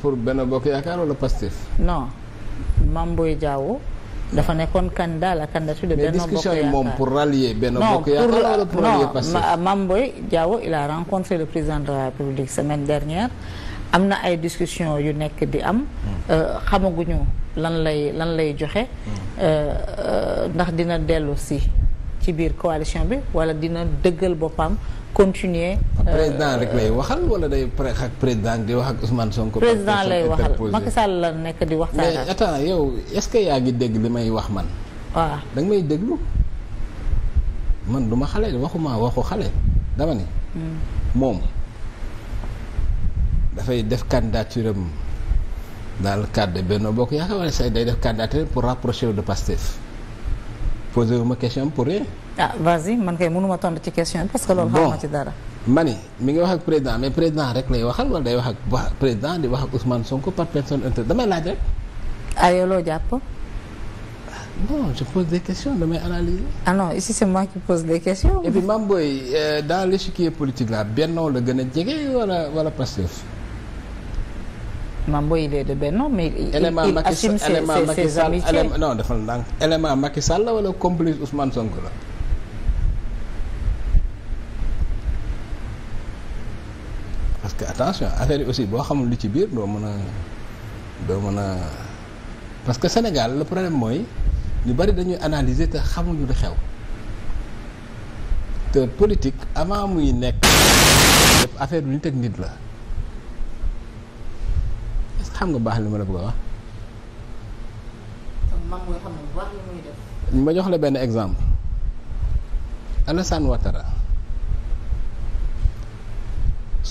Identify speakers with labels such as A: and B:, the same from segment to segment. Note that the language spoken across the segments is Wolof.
A: pour Benno Bokk Yaakaar wala Pastef.
B: non Mame Boye dafa nekkoon candidat la candidature de Benno Bokk Yaakaar moom pour
A: rallier Benno Bokk Yaakaar wala pour rallier Pastef non Mame
B: Boye Diao il a rencontré le président de la semaine dernière am na ay discussion yu nekk di am. Hmm. Euh, xamaguñu lan lay lan lay joxe. Hmm. Euh, euh, ndax dina dellu si. ci biir coalition bi wala dina dëggal boppam
A: continuer. Ah, euh, président rek lay waxal wala day ak président di wax ak Ousmane Sonko. président lay waxal Macky Sall la nekk di wax mais attends yow est-ce que yaa ngi dégg li may wax man. waaw da may déglu man duma ma xale waxuma waxu xale dama ni. Hmm. moom dafay def candidature am dans le cadre de Benno Bokk Yaakaar wala say day def candidature pour rapprocher wu de Pastef. posé wu ma question pour rien. ah vas-y man kay mënuma tontu ci question parce que loolu. xam ma ci dara ma ni mi ngi wax ak président mais président rek lay waxal wala day wax ak président di wax ak Ousmane Sonko par personne inter damay laaj rek. ayoo ah, loo jàpp. non
B: je pose des questions damay analyser. ah non ici c'est moi qui pose des questions. et puis
A: Mame Boye euh, dans l'échiquier politique la gën a jege wala wala Pastef.
B: Mambo il est de Benno mais.
A: élément Macky Sall élément Macky Sall non defal ndànk élément Macky Sall la wala complice Ousmane Sonko la. parce que attention affaire yi aussi boo xamul lu ci biir doo mën a doo mën a parce que Sénégal la problème mooy lu bari dañuy analyser te xamuñu du xew te politique avant muy nekk affaire du nit ak nit la. xam nga baax li ma la bëgg a wax. ma jox la benn exemple Alassane Ouattara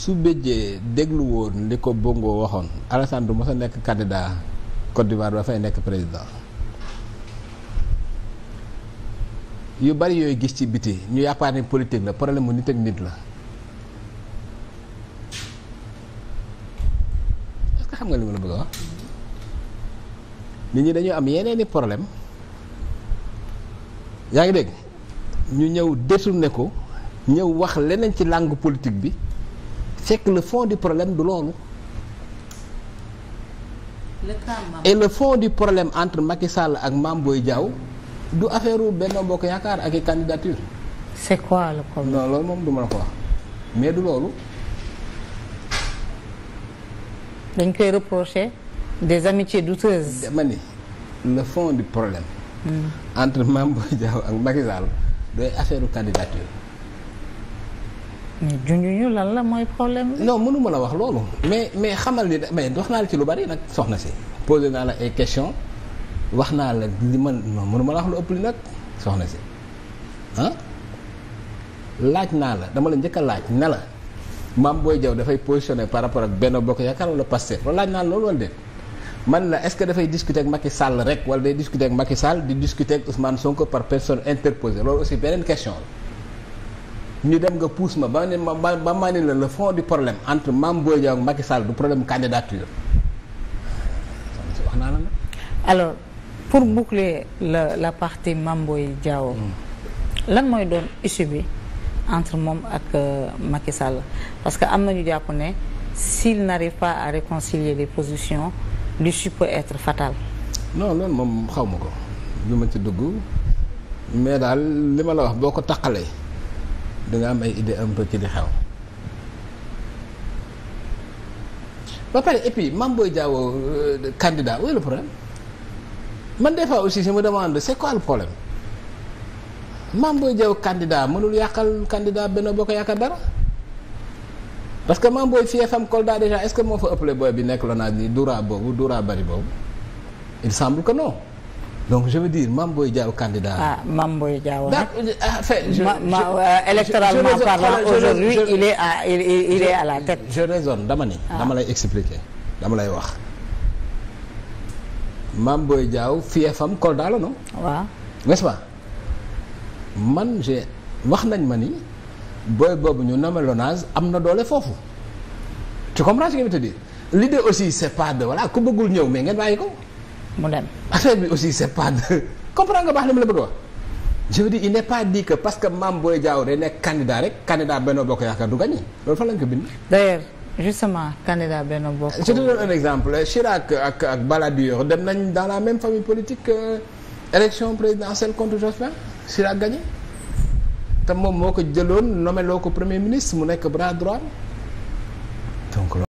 A: su bëjjee déglu woon li ko Bongo waxoon Alassane du mos a nekk candidat Côte d'Ivoire ba fay nekk président yu bari yooyu gis ci biti ñu yaakaar ni politique la problème mu nit ak nit la. xam nga limu la bëgg a wax nit ñi dañuy am yeneen i problème yaa ngi dégg ñu ñëw détourné ko ñëw wax leneen ci langue politique bi fekk le fond du problème du loolu. et le fond du problème entre Macky Sall ak maam booy Diaw du affaire u Benno Bokk Yaakaar ak i candidature. c'est loolu moom du ma la ko wax mais du loolu. dañ koy
B: reprocher des amitiés douteuses. dama
A: ni le fond du problème. Hmm. entre membre Boye ak Macky Sall doy affaire candidature. mais junjuñu lan la mooy problème bi. mënuma la wax loolu. mais mais xamal ni mais wax naa la ci lu bari nag soxna si. posé naa la ay questions wax naa la li man mënuma la wax lu ëpp li nag soxna si ah laaj naa la dama la njëkk a laaj ne la. Mame Boye jaw dafay positionné par rapport ak Benno Bokk Yaakaar wala Pastef loolu laaj naa loolu wala déet man la est-ce que dafay discuter ak Macky Sall rek wala day discuter ak Macky Sall di discuter ak Ousmane Sonko par personne interposée loolu aussi beneen question la ñu dem nga pouse ma ba ne ma ba ma ne la le fond du problème entre Mame Boye Diaw ak Macky Sall du problème candidature wax naa
B: la la la partie Mame Boye Diaw hmm. lan mooy doon issue bi entre moom ak euh, Macky Sall parce que am nañu jàpp ne s'il n'arrive pas à réconcilier les positions l'issue peut être fatale
A: non loolu moom xaw ma ko lu ma ci dugg mais daal li ma la wax boo ko taqalee di am ay idée un ci di xew ba pare et puis Mame Boye Diao euh, candidat où est le problème man des fois aussi je me demande c'est quoi problème Mame Boye Diao mënul yàqal candidat Benno Bokk Yaakaar dara parce que Mame Boye fii FM déjà est moo fa ëppale booy bi nekk LONASE nii Doura boobu Doura bari boobu il semble que non donc je veux dire Mame Boye Diao candidat. ah Mame Boye Diao. Ah, je ma dama ni. Ah. dama lay expliquer dama lay wax. Mame Boye Diao fii FM la non. waaw man j'ai wax nañ ma ni booy boobu ñu nommé Lonase am na doole foofu tu comprends ce que je veux dire l'idée aussi c'est pas de voilà ku bëggul ñëw mais ngeen bàyyi ko. mu dem affaire bi aussi c'est pas de comprends nga baax li ma la bëgg wax. je veux il n'est pas dit que parce que Mame Boye Diao nekk candidat rek candidat Benno Bokk Yaakaar du gagné loolu fan lañ ko bind. d'ailleurs
B: justement candidat Benno Bokk. je te donne
A: un exemple Chirac ak ak Balladur dem nañ dans la même famille politique. élection présidentielle contre Jospin Chirac gagné te moom moo ko jëloon nommé loo ko premier ministre mu nekk bras droit donc